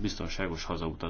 biztonságos hazautat